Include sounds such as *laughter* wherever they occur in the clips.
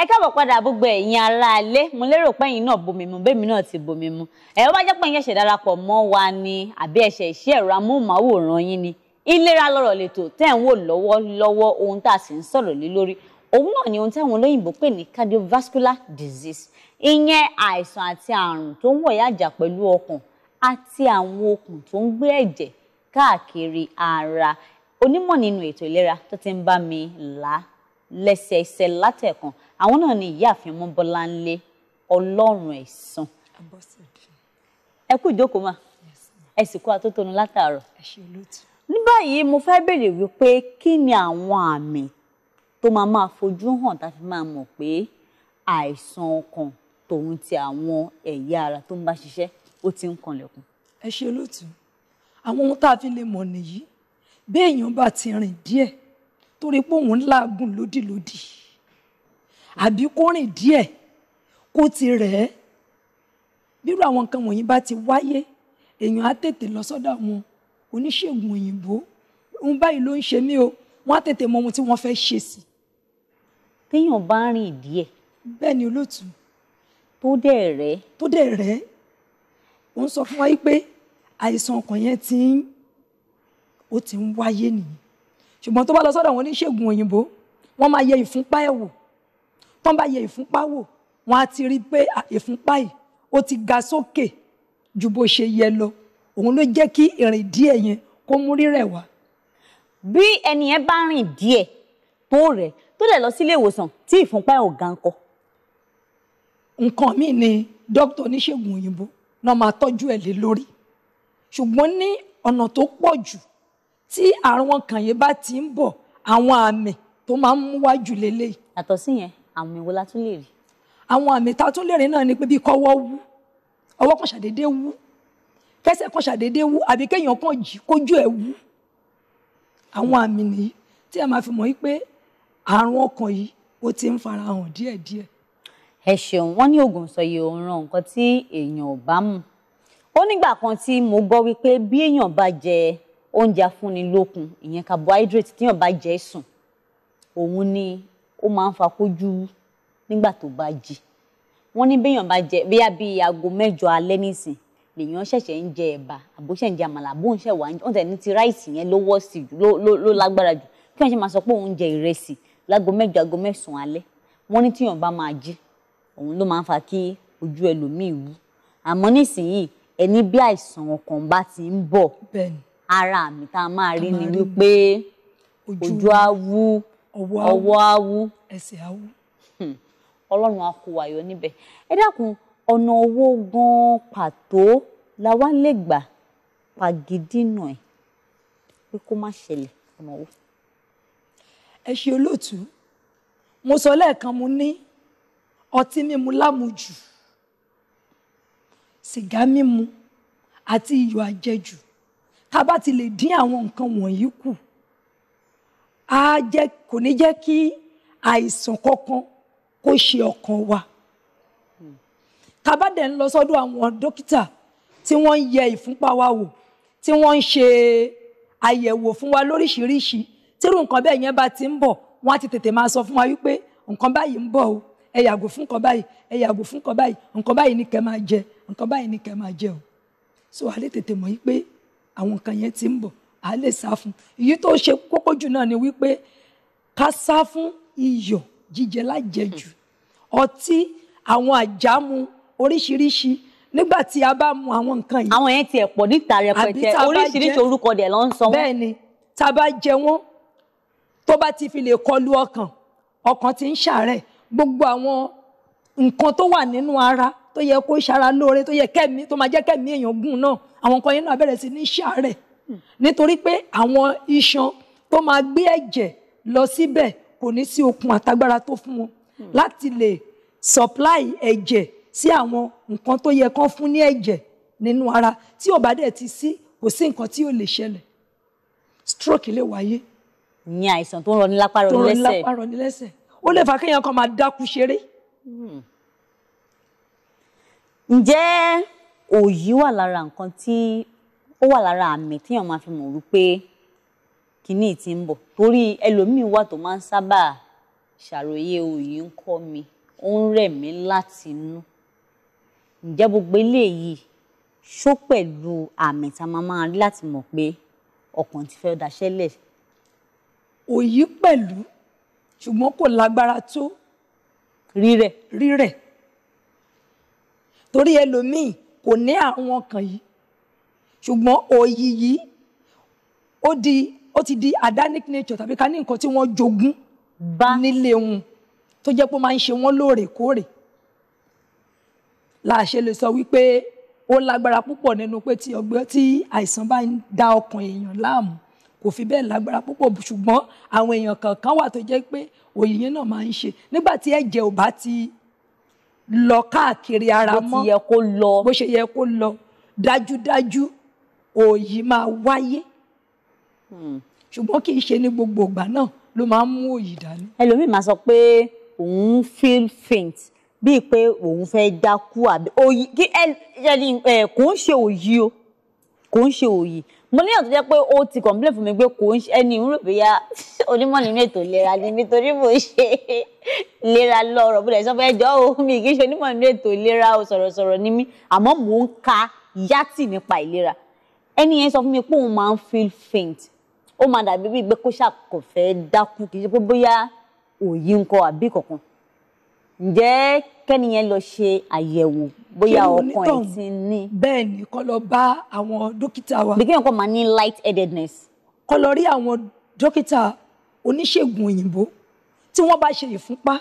ẹ káàbọ̀ padà gbogbo ẹ̀yin aráalé mo lérò pé ẹ̀yin náà bomi mu bẹ́ẹ̀ mi náà ti bomi mu ẹ̀ wọ́n bá jẹ́ pé ẹ̀yin ẹ̀ṣẹ̀ darapọ̀ mọ́ wa ni àbí ẹ̀ṣẹ̀ iṣẹ́ ẹ̀rọ amóhùnmáwòrán yín ni ìlera lọ́rọ̀ lẹ́tọ̀ tẹ́ ẹ̀ ń wò lọ́wọ́lọ́wọ́ ohun tá a sì ń sọ̀rọ̀ lé lórí òun náà ni ohun táwọn olóyìnbó pè ní cardiovascular disease ìyẹn àìsàn àti àrùn tó ń wọ̀yájà pẹ̀lú ọkàn àti àwọn okùn tó ń gbé ẹ̀jẹ̀ káàkiri ara onímọ̀ nínú ètò ìlera tó ti ń bá mi là lẹ́sẹẹsẹ látẹ̀kàn àwọn náà ni ìyáàfin Mọ́bọ́láńlé Ọlọ́run ẹ̀san ẹ kú ìjókòó mà ẹ sì kó atótónu látàárọ̀ ní báyìí mo fẹ́ béèrè wípé kí ni àwọn àmì tó máa máa fojú hàn tá a fi máa mọ̀ pé àìsàn ọkàn tòun ti àwọn ẹ̀yà ara tó ń bá ṣiṣẹ́ ó ti ń kanlẹ̀kùn. ẹ ṣe lótú àwọn ohun tá a fi lè mọ̀ nìyí bí èèyàn bá ti rìn díẹ̀ torí pé òun ń làágùn lódìlódì àbí kó rìn díẹ̀ kó ti rẹ̀ ẹ́ bírú àwọn nǹkan wọ̀nyí bá ti wáyé èèyàn á tètè lọ sọ́dọ̀ wọn oníṣègùn òyìnbó ń báyìí ló ń ṣe mí o wọ́n á tètè mọ ohun tí wọ́n fẹ́ ṣe sí. téèyàn bá rìn díẹ̀. bẹ́ẹ̀ ni olóòtú. tó dẹ̀ rẹ̀. tó dẹ̀ rẹ̀ ó ń sọ fún wa pé àìsàn ọkàn yẹn ti ń ó ti ń wáyé nìyí ṣùgbọ́n tó bá lọ sọ́dọ̀ àwọn oníṣègùn òyìnbó wọ́n máa yẹ ìfúnpá ẹ̀ wò tán bá yẹ ìfúnpá wò wọ́n á ti rí i pé ìfúnpá yìí ó ti ga sókè ju bó ṣe yẹ lọ òun ló jẹ́ kí ìrìn díẹ̀ yẹn kó mú rírẹ̀ wá. bí ẹni yẹn bá rìn díẹ̀ tó rẹ̀ tó lè lọ sílé ìwòsàn tí ìfúnpá ẹ̀ ò ga nǹkan míì ni dókítà oníṣègùn òyìnbó náà máa tọ́jú ẹ̀ lé lórí ṣùgbọ́n ní ọ̀nà tó pọ̀ jù tí àrùn ọkàn yẹn bá ti ń bọ̀ àwọn àmì tó máa ń mú wájú lélẹ́yìí. yàtọ̀ àmì wo la tún lè rí. àwọn àmì tá a tún lè rí náà ni pé bí kọ́wọ́ wú ọwọ́ kan ṣàdédé wú kẹsẹ̀ kan ṣàdédé wú àbí kéèyàn kan jí kójú ẹ̀ wú àwọn àmì nìyí tí a máa fi mọ̀ pé àrùn ọkàn yìí ó ti ń fara hàn díẹ̀díẹ̀. ẹ ṣeun wọn ní oògùn sọyẹ òǹran nǹkan tí èèyàn ò bá mú ó nígbà kan tí mo gbọ́ wípé bí èèyàn bá jẹ oúnjẹ afúnilókun ìyẹn carbohydrate téèyàn bá jẹ sùn òun ni ó máa ń fa kójú nígbà tó bá jí wọ́n ní béèyàn bá jẹ bíyà bíi aago mẹ́jọ alẹ́ nísìn lèèyàn ṣẹ̀ṣẹ̀ ń jẹ ẹ̀bà àbó ṣẹ̀ ń jẹ àmàlà àbó ń ṣẹ̀ wá ń tẹ̀ ní ti ráìsì yẹn ló wọ́ sí jù ló lágbára jù kí wọ́n ṣe máa sọ pé òun jẹ ìrẹsì láago mẹ́jọ aago mẹ́sàn-án alẹ́ wọ́n ní tíyàn bá máa jí òun ló máa ń fa kí ojú ẹlòmíì wú àmọ́ nísìnyìí ẹni bí àìsàn ọkàn bá ti ń bọ̀ ara àmì tá a máa rí ni wípé ojú á wú ọwọ́ awú ẹsẹ̀ awú hmm. ọlọ́run á kó wa yọ níbẹ̀ ẹ dákun ọ̀nà owó gan pàtó la wá lè gbà pàgídínà ẹ̀ pé kó má ṣẹlẹ̀ ọ̀nà owó. ẹ ṣe olóòtú mo sọ lẹ́ẹ̀kan mo ní ọtí mímu lámujù sìgá mímu àti iyọ̀ àjẹjù ká bá ti lè dín àwọn nǹkan wọ̀nyí kù á jẹ́ kò ní jẹ́ kí àìsàn kankan kó ṣe ọkàn wa tàbá dẹ̀ ń lọ sọ́dọ̀ àwọn dókítà tí wọ́n ń yẹ ìfúnpá wa wò tí wọ́n ń ṣe àyẹ̀wò fún wa lóríṣiríṣi tírú nǹkan bẹ́ẹ̀ yẹn bá ti ń bọ̀ wọ́n á ti tètè máa sọ fún wa wípé nǹkan báyìí ń bọ̀ o ẹ yàgò fún nǹkan báyìí ẹ yàgò fún nǹkan báyìí nǹkan báyìí ni kẹ́ máa jẹ nǹkan báyìí ni kẹ́ máa jẹ o so a lè tètè mọ̀ wípé àwọn nǹkan yẹn ti ń bọ̀ a lè sá fún èyí tó ṣe kókó jù náà ni wípé ká sá fún iyọ̀ jíjẹ lájẹjù ọtí àwọn àjámu oríṣiríṣi nígbà tí a bá mu àwọn nǹkan yìí. àwọn yẹn ti ẹ̀ pọ̀ níta rẹpẹtẹ oríṣiríṣi orúkọ dẹ̀ ló ń sọ wọ́n. bẹ́ẹ̀ ni tá a bá jẹ wọ́n tó bá ti fi lè kọlu ọkàn ọkàn ti ń ṣàárẹ̀ gbogbo àwọn nǹkan tó wà nínú ara tó yẹ kó ṣara lóore tó yẹ kẹ́mi tó máa jẹ́ kẹ́mi èèyàn gùn náà àwọn nǹkan yẹn náà bẹ̀rẹ̀ sí ní ṣàárẹ̀ nítorí pé àwọn iṣan tó máa gbé ẹ̀jẹ̀ lọ síbẹ̀ kò ní sí okun àtagbára tó fún wọn láti lè supply ẹ̀jẹ̀ sí àwọn nǹkan tó yẹ kán fún ní ẹ̀jẹ̀ nínú ara tí ò bá dẹ̀ ti sí kò sí nǹkan tí ò lè ṣẹlẹ̀ stroke lè wáyé. ní àìsàn tó ń rọni lápá rọni lẹ́sẹ̀ tó ń rọni lápá rọni lẹ́sẹ̀ ó lè fà kéèyàn kan máa dákú ṣeré. Hmm. ǹjẹ́ òyì wà lára nǹkan tí ó wà lára àmì téèyàn máa fi mọ̀ wípé kínní ti ń bọ̀ torí ẹlòmíín wà tó máa ń sábà ṣàròyé òyì ń kọ́ mi ó ń rẹ̀ mí láti inú ǹjẹ́ gbogbo eléyìí ṣó pẹ̀lú àmì tá a máa rí láti mọ̀ pé ọkàn ti fẹ́ daṣẹ́lẹ̀. òyì pẹ̀lú ṣùgbọ́n kò lágbára tó. rírẹ̀. rírẹ̀ torí ẹlòmíín kò ní àwọn kan yìí ṣùgbọ́n òyì yìí ó di ó ti di adanic nature tàbí ká ní nǹkan tí wọ́n jogún bá nílé wọn tó jẹ́ pé máa ń ṣe wọ́n lóòrèkóòrè la ṣe lè sọ wípé ó lágbára púpọ̀ nínú pé tí ọgbẹ́ tí àìsàn bá ń da ọkàn èèyàn láàmú kò fi bẹ́ẹ̀ lágbára púpọ̀ ṣùgbọ́n àwọn èèyàn kọ̀ọ̀kan wà tó jẹ́ pé òyì yẹn náà máa ń ṣe nígbà tí ẹ̀jẹ̀ ò bá ti lọ káàkiri ara mọ́ bó ṣe yẹ kó lọ dájúdájú òòyì máa wáyé hmm. ṣùgbọ́n kì í ṣe ní gbogbo ìgbà náà ló máa ń mú òòyì dání. ẹlòmíì máa sọ pé òun feel faint bíi pé òun fẹ́ dákú àbí òòyì kí ẹ kò ń ṣe òòyì o kò ń ṣe òòyì mo níyàn tó jẹ́ pé ó ti complain fún mi pé kò ń ṣe ẹni ń rò pé ya *laughs* onímọ̀ nínú ètò ìlera ni mi mo ṣe ìlera lọ́rọ̀ bó dẹ̀ sọ pé ẹjọ́ mi kì í ṣe onímọ̀ nínú ètò ìlera o sọ̀rọ̀sọ̀rọ̀ ni mí àmọ́ mò ń ka yátì nípa ìlera ẹni yẹn sọ fún mi pé òun máa ń feel faint ó máa dàbí bíi pé kó ṣàkó fẹ́ dákú kì í ṣe pé bóyá òòyì ń kọ àbí kankan ǹjẹ́ kẹ́ni yẹn lọ ṣe àyẹ̀wò bóyá ọkàn ẹ̀ ti ní. bẹ́ẹ̀ ni kó lọ bá àwọn dókítà wa. bí kéèyàn kò máa ní light headedness. kó lọ rí àwọn dókítà oníṣègùn òyìnbó tí wọ́n bá ṣe ìfúnpá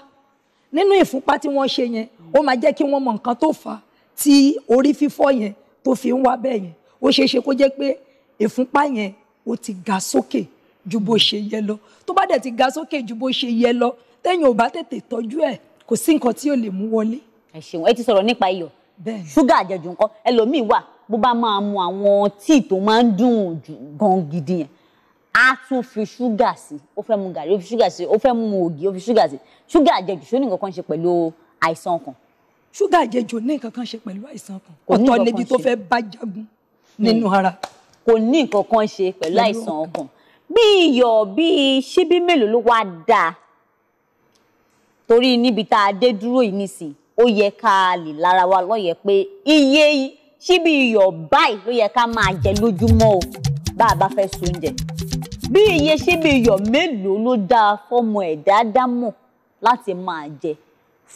nínú ìfúnpá tí wọ́n ṣe yẹn ó máa jẹ́ kí wọ́n mọ nǹkan tó fà á tí orí fífọ́ yẹn tó fi ń wá bẹ́ẹ̀ yẹn ó ṣeé ṣe kó jẹ́ pé ìfúnpá yẹn ó ti ga sókè ju bó ṣe yẹ lọ tó bá dẹ̀ ti ga sókè ju bó ṣe yẹ lọ tẹ́yìn ò bá tètè tọ́jú ẹ̀ kò sí nǹkan tí ò lè mú wọlé. ẹ ṣeun ẹ ti sọ̀rọ̀ nípa iyọ̀ ṣúgà àjẹjù nǹkan ẹlòmíín wà bó bá máa mu àwọn tíì tó máa ń dùn jù gan gidi yẹn á tún fi ṣúgà sí ó fẹ́ mu gàrí ó fi ṣúgà sí ó fẹ́ mu ògì ó fi ṣúgà sí ṣúgà àjẹjù ṣó ní nǹkan kan ṣe pẹ̀lú àìsàn ọkàn. ṣúgà àjẹjù ní nǹkan kan ṣe pẹ̀lú àìsàn ọkàn ọ̀tọ̀ lèbi tó fẹ́ bá jagun nínú hmm. ara. kò ní nǹkan kan ṣe pẹ̀lú àìsàn ọkàn bí iyọ̀ bí ṣíbí mélòó ló wá dáa torí níbi tá a dé dúró yìí nísìn ó yẹ ká lè lára wa lọ́yẹ̀ pé iye ṣíbí iyọ̀ báyìí ló yẹ ká máa jẹ lójúmọ́ o bá a bá fẹ́ so oúnjẹ bí iye ṣíbí iyọ̀ mélòó ló dáa fọ́mọ ẹ̀dá dámọ̀ láti máa jẹ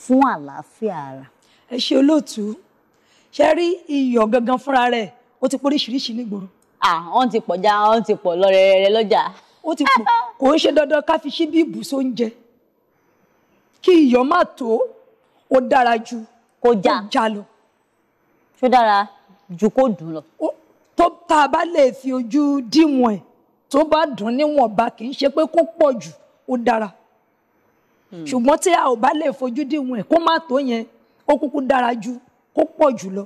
fún àlàáfíà ara. ẹ ṣe olóòtú ṣe rí iyọ̀ gangan fúnra rẹ̀ ó ti poríṣiríṣi nígboro. àwọn ti pọ̀ já àwọn ti pọ̀ lọ rẹ̀rẹ̀rẹ̀ lọ́jà. ó ti pọ̀ *laughs* kò ń ṣe dandan ká fi ṣíbí ìbùsọ̀ oúnjẹ kí iyọ̀ má tó ó dára ju kó já lọ. ṣó dára ju kó dùn lọ. tó tá a bá lè fi ojú díwọ̀n ẹ̀ tó bá dùn níwọ̀nba kì í ṣe pé kó pọ̀ jù ó dára hmm. ṣùgbọ́n tí a ò bá lè fojú díwọ̀n ẹ̀ kó má tó yẹn ó kúkú dára ju kó pọ̀ jù lọ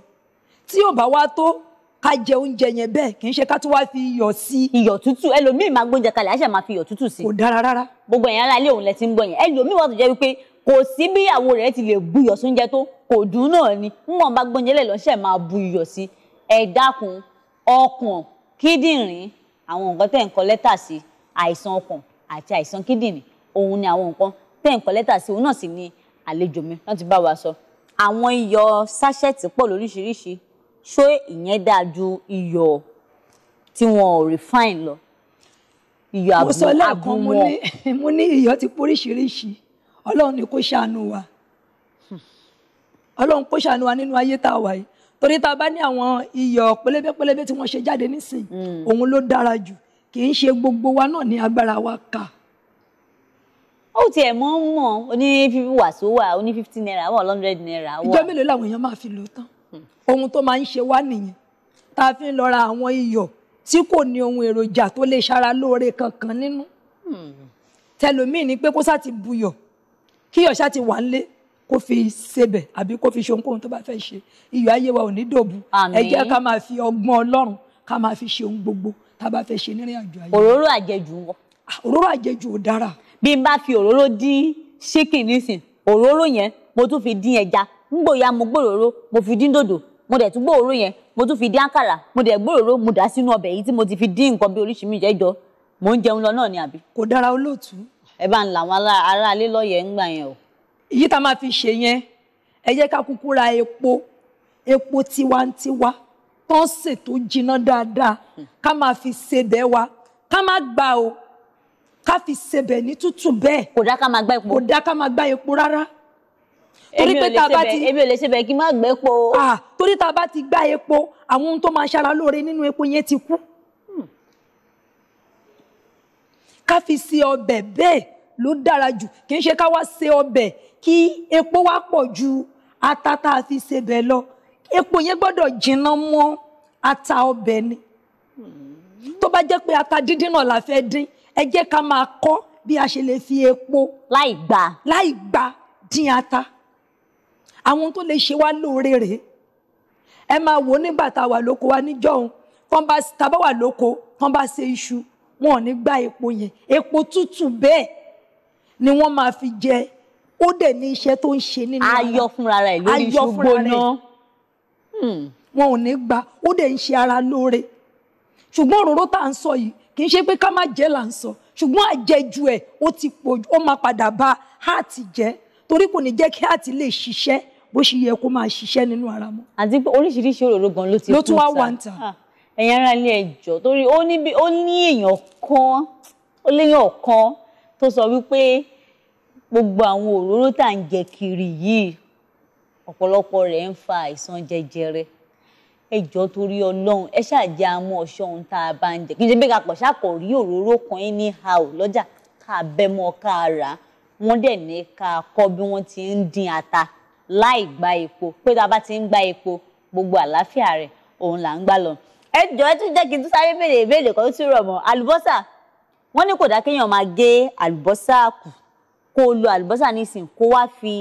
tí ò bá wá tó ká jẹ oúnjẹ yẹn bẹ́ẹ̀ kì í ṣe ká tún wá fi iyọ̀ sí. iyọ̀ tútù ẹlòmíì máa gbóúnjẹ kalẹ̀ àṣà máa fi iyọ̀ tútù sí. kò dára rárá. gbogbo ẹ̀yàn ara ilé òun lẹ ti ń gbọ́ yẹn ẹlòmíì wà tó jẹ́ wípé kò sí bí ìyàwó rẹ̀ ti lè bu iyọ̀ sóúnjẹ tó kò dùn náà ni mọ̀ bá gbóúnjẹ lẹ̀ lọ́sẹ̀ máa bu iyọ̀ sí. ẹ dákun ọkàn kíndìnrín àwọn nǹkan tẹ̀ ń kọ lẹ́tà sí àìsàn ọkàn àti àìsàn kíndìnrín òun ni àwọn nǹkan ni àlejò mi láti bá wa sọ àwọn ṣé ìyẹn dáa ju iyọ̀ tí wọn ò refine lọ iyọ̀ àbú wọn. mo sọ lẹ́ẹ̀kan mo ní iyọ̀ ti poríṣiríṣi ọlọ́run ni kó ṣàánú wa ọlọ́run kó ṣàánú wa nínú ayé tá a wà yìí torí tá a bá ní àwọn iyọ̀ pélébé pélébé tí wọ́n ṣe jáde nísìnyí hmm. òun ló dára jù kì í ṣe gbogbo wa náà ní agbára wa kà ó tiẹ̀ mọ́ mọ́ oní fífi wàsó wà oní fifty naira wà one hundred naira wà. ìjọ mélòó làwọn èèyàn máa fi lò tán ohun tó máa ń ṣe wá nìyẹn tá a fi ń lọ ra àwọn iyọ̀ tí kò ní ohun èròjà tó lè ṣara lóore kankan nínú tẹlòmíì ni pé kó sá ti buyọ̀ kíyọ̀ sá ti wà nílé kó fi sebẹ̀ àbí kó fi ṣe ohunkóhun tó bá fẹ́ ṣe iyọ̀ ayé wa ò ní dòbu ẹ jẹ́ ká máa fi ọgbọ́n Ọlọ́run ká máa fi ṣe ohun gbogbo tá a bá fẹ́ ṣe nírìn àjò ayé. òróró àjẹjù wọ. Ah, òróró àjẹjù ò dára. bí n bá fi òróró dín ṣíkì nísìn òróró yẹn mo tún fi dín ẹja ngbòyà mo gbòòrò mo fi dín dòdò mo dẹ̀ tún gbòòrò yẹn mo tún fi dín àkàrà mo dẹ̀ gbòòrò mo dà sínú ọbẹ̀ yìí tí mo ti fi dín nǹkan bí oríṣi mi jẹ́ jọ mo ń jẹun lọ náà ni àbí. kò dára olóòtú. ẹ bá ń la àwọn aráalé lọ́yẹ̀ ń gbà yẹn o. èyí tá a máa fi ṣe yẹn ẹ jẹ́ ká kúkú ra epo epo tiwantiwa tán sè tó jiná dáadáa ká máa fi sebẹ̀ wa ká má gbà o ká fi sebẹ̀ ní tútù bẹ́ẹ̀. kò dá ká máa gbá epo rárá torí pé tá a bá ti èmi ò lè ṣe bẹ́ẹ̀ kí n má gbẹ́ epo. torí tá a bá ti gbá epo àwọn ohun tó máa ṣara lóore nínú epo yẹn ti kú. Hmm. ká fi ṣe ọbẹ̀ bẹ́ẹ̀ ló dára jù kì í ṣe ká wá ṣe ọbẹ̀ kí epo wá pọ̀ ju ata tá a fi ṣe bẹ́ẹ̀ lọ epo yẹn gbọ́dọ̀ jinná mọ́ ata ọbẹ̀ ni hmm. tó bá jẹ́ pé ata díndín náà la fẹ́ dín ẹ jẹ́ ká máa kọ́ bí a ṣe lè fi epo láì gba láì gba dín ata àwọn tó lè ṣe wá lóore rèé ẹ máa wò nígbà tá a wà lóko wa níjọ́un tán bá tá wà lóko tán bá ṣe iṣu wọn ò ní gba epo yẹn epo tútù bẹ́ẹ̀ ni wọ́n máa fi jẹ ó dẹ̀ ní iṣẹ́ tó ń ṣe nínú ara ayọ̀ fúnra rẹ̀ lórí iṣu gbóná hmm. wọn ò ní gba ó dẹ̀ ń ṣe ara lóore ṣùgbọ́n òróró tá à ń sọ yìí kì í ṣe pé ká má jẹ́ là ń sọ ṣùgbọ́n àjẹjù ẹ̀ ó ti pọ̀ ó máa padà bà háàtì jẹ́ torí kò ní jẹ́ kí àti lè ṣiṣẹ́ bó ṣe yẹ kó máa ṣiṣẹ́ nínú ara mọ́. àti pé oríṣiríṣi òróró gan ló ti kú ta ló tún wá wà ń tà. Ah, ẹ̀yin ará ilé ẹ̀jọ̀ torí ó ní èèyàn kan ó léèyàn kan tó sọ wípé gbogbo àwọn òróró tá à ń jẹ kiri yìí ọ̀pọ̀lọpọ̀ rẹ̀ ń fa àìsàn jẹjẹrẹ ẹjọ́ torí ọlọ́run ẹ ṣàjẹ́ àmọ́ ọ̀ṣọ́ ohun tá a bá ń jẹ kí n ṣe bí ká pọ̀ òróró kan ní ha ò lọ́jà ká bẹ́ mọ́ ká rà wọ́n dẹ̀ ní ká kọ́ bí wọ́n ti ń dín ata láì gba epo pé tá a bá ti ń gba epo gbogbo àlàáfíà rẹ̀ òun là ń gbà lọ. ẹ jọ ẹ tún jẹ́ kí n tún sáré béèrè ìbéèrè kan tó tún rọ̀ mọ́ àlùbọ́sà wọ́n ní kò dá kéèyàn máa gé àlùbọ́sà kù kó o lo àlùbọ́sà nísìn kó wá fi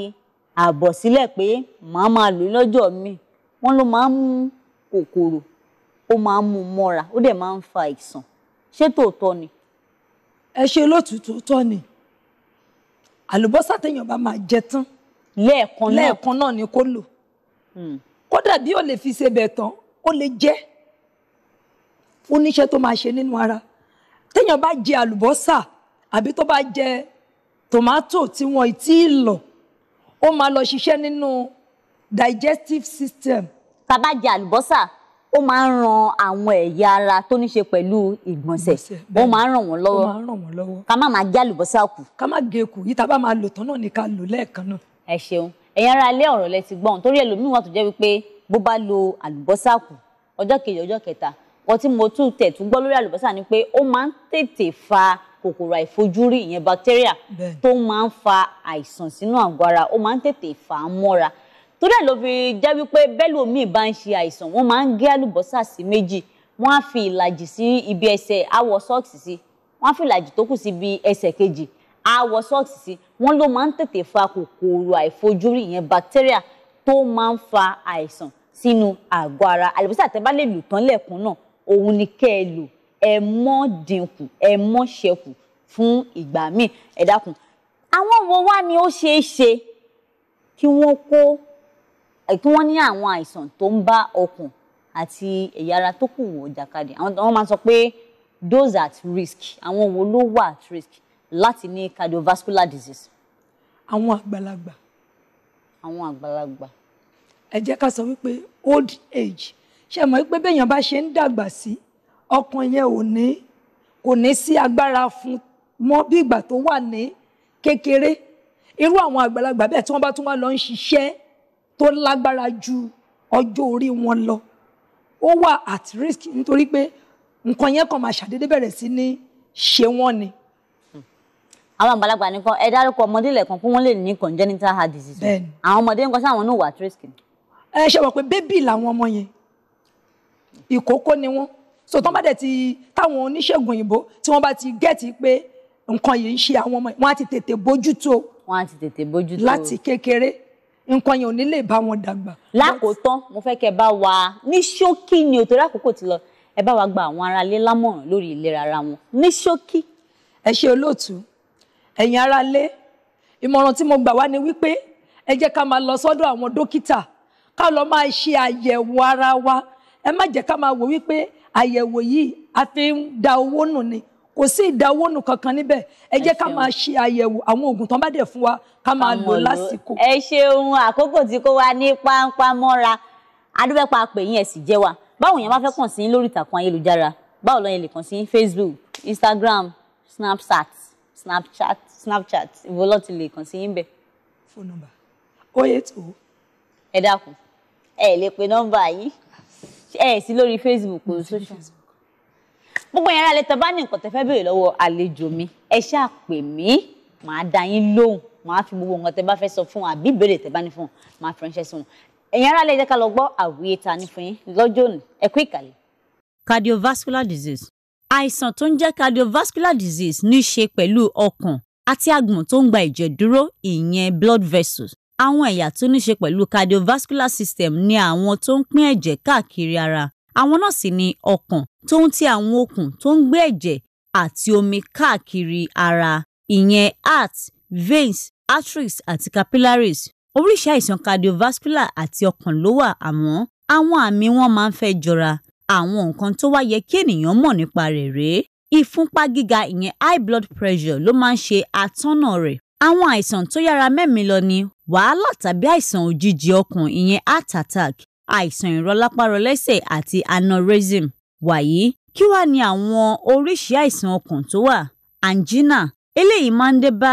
ààbọ̀ sílẹ̀ pé màá máa lò lọ́jọ́ mi wọ́n ló máa ń mú kòkòrò ó máa ń mú mọ́ra ó dẹ̀ máa ń fa àìsàn ṣé tòótọ́ ni. ẹ ṣe lótùtù tọ́ ni àlùbọ́sà téèyàn bá máa jẹ tán lẹ́ẹ̀kan náà ni kó lò hmm. kódà bí ó lè fi ṣe bẹ̀ tán ó lè jẹ́ ó níṣẹ́ tó máa ṣe nínú ara téèyàn bá jẹ àlùbọ́sà àbí tó bá jẹ tòmátò tí wọ́n ti lọ ó máa lọ ṣiṣẹ́ nínú digestive system. tá a bá jẹ àlùbọ́sà ó máa ń ran àwọn ẹ̀yà ara tó ní ṣe pẹ̀lú ìgbọ̀nsẹ̀ ó máa ń ràn wọ́n lọ́wọ́ ó máa ń ràn wọ́n lọ́wọ́ ká má máa já àlùbọ́sà kù. ká má gé kù yìí tá a bá máa lò tán náà ni ká lò lẹ́ẹ̀kan náà. ẹ ṣeun ẹ̀yin ará ilé ọ̀rọ̀ lẹ ti gbọ́n torí ẹlòmíín wà tó jẹ́ wípé bó bá lo àlùbọ́sà kù ọjọ́ kejì ọjọ́ kẹta wọ́n tí mo tún tẹ̀ tún gbọ́ lórí àlùbọ́sà ni pé ó máa ń tètè fa kòkòrò àìfojúrí ìyẹn bacteria tó máa ń fa àìsàn sínú àgọ́ ara ó máa ń tètè fà á mọ́ra torí ẹ̀ ló fi jẹ́ wípé bẹ́lú omi bá ń ṣe àìsàn wọ́n máa ń gé àlùbọ́sà sí méjì wọ́n á fi ìlàjì sí ibi ẹsẹ̀ awọ sọ́ọ̀kì sí wọ́n á fi ìlàjì tó kù sí ibi ẹsẹ̀ kejì awọ sọ́ọ̀kì sí wọ́n ló máa ń tètè fa kòkòrò àìfojúrí ìyẹn bacteria tó máa ń fa àìsàn sínú àgọ́ ara àlùbọ́sà tẹ́ bá lè lù tán lẹ́ẹ̀kan náà òun ni kẹ́ ẹ lò ẹ mọ́ dínkù ẹ mọ́ ṣẹkù fún ìgbà míì ẹ dákun àwọn wo wá ni ó ṣeé ṣe kí wọ́n kó kí wọ́n ní àwọn àìsàn tó ń bá ọkàn àti ẹ̀yà ara tó kù wọ̀ jàkadì àwọn máa sọ pé those at risk àwọn wo ló wà at risk láti ní cardiovascular disease. àwọn àgbàlagbà. àwọn àgbàlagbà. ẹ jẹ́ ká sọ wípé old age ṣe mọ̀ wípé béèyàn bá ṣe ń dàgbà sí ọkàn yẹn ò ní kò ní sí agbára fún mọ́ bí ìgbà tó wà ní kékeré irú àwọn àgbàlagbà bẹ́ẹ̀ tí wọ́n bá tún wá lọ ń ṣiṣẹ́ tó lágbára ju ọjọ́ orí wọn lọ ó wà at risk nítorí pé nǹkan yẹn kàn máa ṣàdédé bẹ̀rẹ̀ sí ní ṣe wọ́n ni. àwọn àgbàlagbà nìkan ẹ dárúkọ ọmọdé lẹ́ẹ̀kan kí wọ́n lè ní congenital heart disease. bẹ́ẹ̀ni àwọn ọmọdé nǹkan sáwọn náà wà at risk. ẹ ṣe mọ̀ pé bébì làwọn ọmọ yẹn ìkókó ni wọ́n so tán bá dẹ̀ ti táwọn oníṣègùn òyìnbó tí wọ́n bá ti gẹ́ẹ̀tì pé nǹkan yìí ń ṣe àwọn ọmọ yẹn wọ́n á ti tètè bójútó. wọ́n á ti tètè bójútó. láti kékeré nǹkan yẹn ò ní lè bá wọn dàgbà. lákòótán mo fẹ́ kẹ́ ẹ bá wa ní ṣókí ni òtò lákòókò ti lọ ẹ bá wa gba àwọn aráalé lámọ̀ràn lórí ìlera ara wọn ní ṣókí. ẹ ṣe olóòtú ẹ̀yin aráalé ìmọ̀ràn tí mo gbà wá ni wípé ẹ jẹ́ ká máa lọ sọ́dọ̀ àwọn dókítà ká lọ máa ṣe àyẹ̀wò ara wa ẹ má jẹ́ ká máa wò wípé àyẹ̀wò yìí a fi ń da owó nù ni kò sí ìdáwọ́nù kankan níbẹ̀ ẹ jẹ́ ká máa ṣe àyẹ̀wò àwọn oògùn tó bá dẹ̀ fún wa ká máa lò lásìkò. ẹ ṣeun àkókò tí kò wá ní páńpá mọ́ra adúbẹ́pà pè yín ẹ̀ sì jẹ́ wa báwo yẹn bá fẹ́ kàn sí lórí ìtàkùn ayélujára báwo lọ́yẹn lè kàn sí Facebook Instagram Snapchat Snapchat Snapchat ìwọ lọ́ọ́ ti lè kàn sí yín bẹ̀. fóònù nọ́mbà ó yẹ tó. ẹ dákun ẹ lè pe nọ́mbà yìí ẹ sí lórí Facebook o social gbogbo yẹn rálẹ̀ tó bá ní nǹkan tẹ́ fẹ́ béèrè lọ́wọ́ àlejò mi ẹ ṣáà pè mí màá dá yín lóhùn màá fi gbogbo nǹkan tẹ́ bá fẹ́ sọ fún wọn àbí ìbéèrè tẹ́ bá ní fún wọn màá fi ránṣẹ́ sí wọn ẹ̀yin aráàlẹ̀ jẹ́ ká lọ gbọ́ àwíyé ta ní fún yín lọ́jọ́ òní ẹ kú ìkàlẹ̀. cardiovascular disease àìsàn tó ń jẹ́ cardiovascular disease ní í ṣe pẹ̀lú ọkàn àti àgbọ̀n tó ń gba ẹ̀jẹ̀ dúró ìyẹn blood vessels àwọn ẹ̀yà tó ní ṣe pẹ̀lú cardiovascular system ni àwọn tó ń pín ẹ̀jẹ̀ káàkiri ara àwọn náà sì ni ọkàn tó ń ti àwọn okùn tó ń gbé ẹ̀jẹ̀ àti omi káàkiri ara ìyẹn heart veins arteries àti capillaries oríṣi àìsàn cardiovascular àti ọkàn ló wà àmọ́ àwọn àmì wọn máa ń fẹ́ jọra àwọn nǹkan tó wá yẹ kí ènìyàn mọ̀ nípa rẹ̀ rèé ìfúnpá gíga ìyẹn high blood pressure ló máa ń ṣe àtọ́nà rẹ̀ àwọn àìsàn tó yára mẹ́mìí lọ ni wàhálà tàbí àìsàn òjijì ọkàn ìyẹn heart attack àìsàn ìrọlápárọlẹ́sẹ̀ àti aneurysm Wàyí kí wá ni àwọn oríṣi àìsàn ọkàn tó wà? Angina eléyìí máa ń dé bá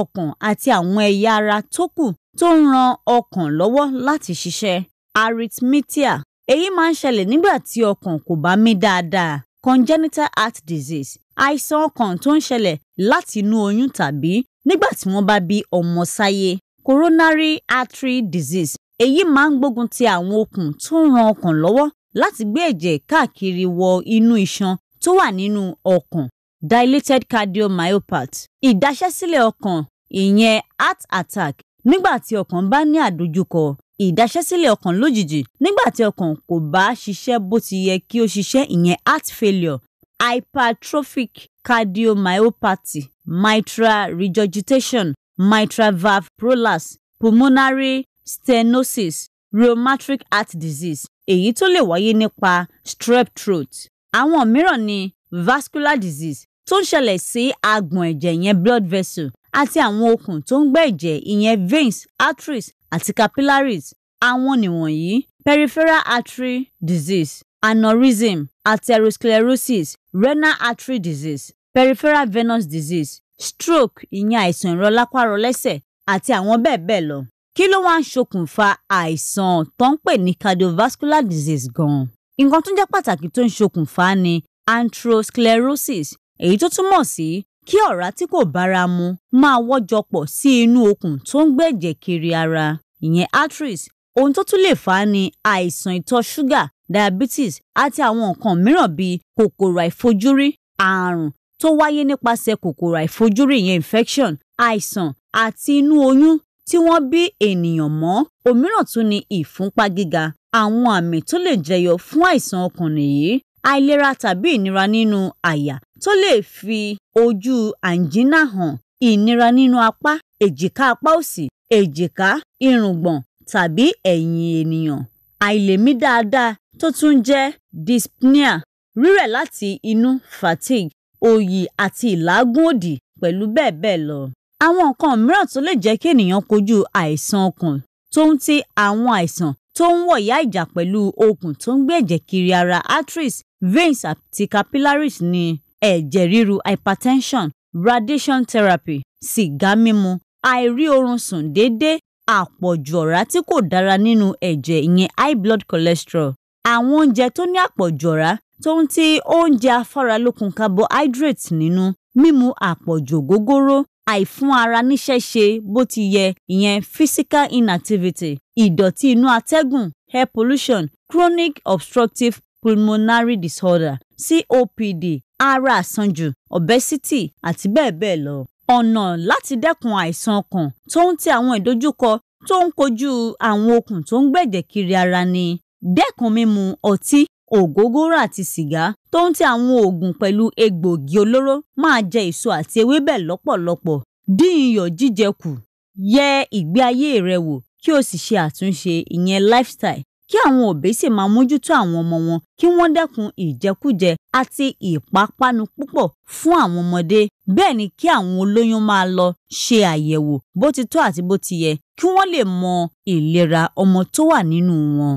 ọkàn àti àwọn ẹ̀yà ara tó kù tó ń ran ọkàn lọ́wọ́ láti ṣiṣẹ́. Arrhythmia èyí máa ń ṣẹlẹ̀ nígbà tí ọkàn kò bá mí dáadáa. Congenital heart disease àìsàn ọkàn tó ń ṣẹlẹ̀ láti inú oyún tàbí nígbà tí wọ́n bá bí ọmọ sáyé. Coronary artery disease èyí máa ń gbógun ti àwọn okùn tó ń ran ọkàn lọ́wọ́ láti gbé ẹ̀jẹ̀ káàkiri wọ inú iṣan tó wà nínú ọkàn dilated cardiomyopathy ìdaṣẹ́sílẹ̀ ọkàn ìyẹn heart attack nígbà tí ọkàn bá ní àdójúkọ ìdaṣẹ́sílẹ̀ ọkàn lójijì nígbà tí ọkàn kò bá ṣiṣẹ́ bó ti yẹ kí ó ṣiṣẹ́ ìyẹn heart failure hypertrophic cardiomyopathy mitral regurgitation mitral valve prolapse pulmonary stenosis Rheumatic heart disease èyí tó lè wáyé nípa strep throat àwọn mìíràn ni vascular disease tó ń ṣẹlẹ̀ sí agbọ̀n ẹ̀jẹ̀ yẹn blood vessel àti àwọn okùn tó ń gbé ẹ̀jẹ̀ ìyẹn veins arteries àti capillaries àwọn nìwọ̀nyí peripheral artery disease aneurysm atherosclerosis renal artery disease peripheral venous disease stroke ìyẹn àìsàn ìrọlápá-rọlẹ́sẹ̀ àti àwọn bẹ́ẹ̀ bẹ́ẹ̀ lọ kí ló wá ń ṣokùnfà àìsàn tó ń pè ní cardiovascular disease gan-an nǹkan tó jẹ́ pàtàkì tó ń ṣokùnfà ni atherosclerosis èyí tó túmọ̀ sí kí ọ̀rá tí kò bára mu máa wọ́jọpọ̀ sí inú okùn tó ń gbẹ̀jẹ̀ kiri ara ìyẹn arteries ohun tó tún lè fà á ni àìsàn ìtọ̀ ṣúgà diabetes àti àwọn nǹkan mìíràn bíi kòkòrò àìfojúrí ààrùn tó wáyé nípasẹ̀ kòkòrò àìfojúrí ìyẹn infection àìsàn àti inú oyún tí wọ́n bí ènìyàn mọ́ òmíràn tún ni ìfúnpá gíga àwọn àmì tó lè jẹyọ fún àìsàn ọkàn nìyí àìlera tàbí ìnira nínú àyà tó lè fi ojú angina hàn ìnira nínú apá èjìká apá òsì èjìká irùngbọ̀n tàbí ẹ̀yìn ènìyàn àìlèmí dáadáa tó tún jẹ́ dyspnea rírẹ̀ láti inú fatigue òòyì àti ìlágùn òdì pẹ̀lú bẹ́ẹ̀ bẹ́ẹ̀ lọ àwọn nǹkan mìíràn tó lè jẹ́ kí ènìyàn kojú àìsàn ọkàn tó ń ti àwọn àìsàn tó ń wọ̀yá ìjà pẹ̀lú okùn tó ń gbé ẹ̀jẹ̀ kiri ara arteries veins àti capillaries ní ẹ̀jẹ̀ ríru hypertension radiation therapy sìgá mímu àìrí oorun sùn déédéé àpọ̀jù ọ̀rá tí kò dára nínú ẹ̀jẹ̀ ìyẹn high blood cholesterol àwọn oúnjẹ tó ní àpọ̀jù ọ̀rá tó ń ti oúnjẹ afáralókun carbohydrate nínú mímu àpọ̀jù ògógóró àìfún ara níṣẹ́ ṣe bó ti yẹ ìyẹn physical inactivity ìdọ̀tí inú atẹ́gùn air pollution chronic obstructive pulmonary disorder copd ara àsanjù obesity àti bẹ́ẹ̀ bẹ́ẹ̀ lọ. ọ̀nà láti dẹ́kun àìsàn ọkàn tó ń ti àwọn ìdojúkọ tó ń kojú àwọn okùn tó ń gbẹ̀jẹ̀ kiri ara ni dẹ́kun mímu ọtí ògógóró àti sìgá tó ń ti àwọn oògùn pẹ̀lú egbògi olóró máa jẹ èso àti ewébẹ̀ lọ́pọ̀lọpọ̀ dín iyọ̀ jíjẹ kù yẹ ìgbé ayé rẹ wò kí o sì ṣe àtúnṣe ìyẹn lifestyle kí àwọn òbí sì máa mójútó àwọn ọmọ wọn kí wọ́n dẹ́kun ìjẹkújẹ àti ìpápánu púpọ̀ fún àwọn ọmọdé bẹ́ẹ̀ ni kí àwọn olóyún máa lọ ṣe àyẹ̀wò bó ti tọ́ àti bó ti yẹ kí wọ́n lè mọ ìlera ọmọ tó wà nínú wọn.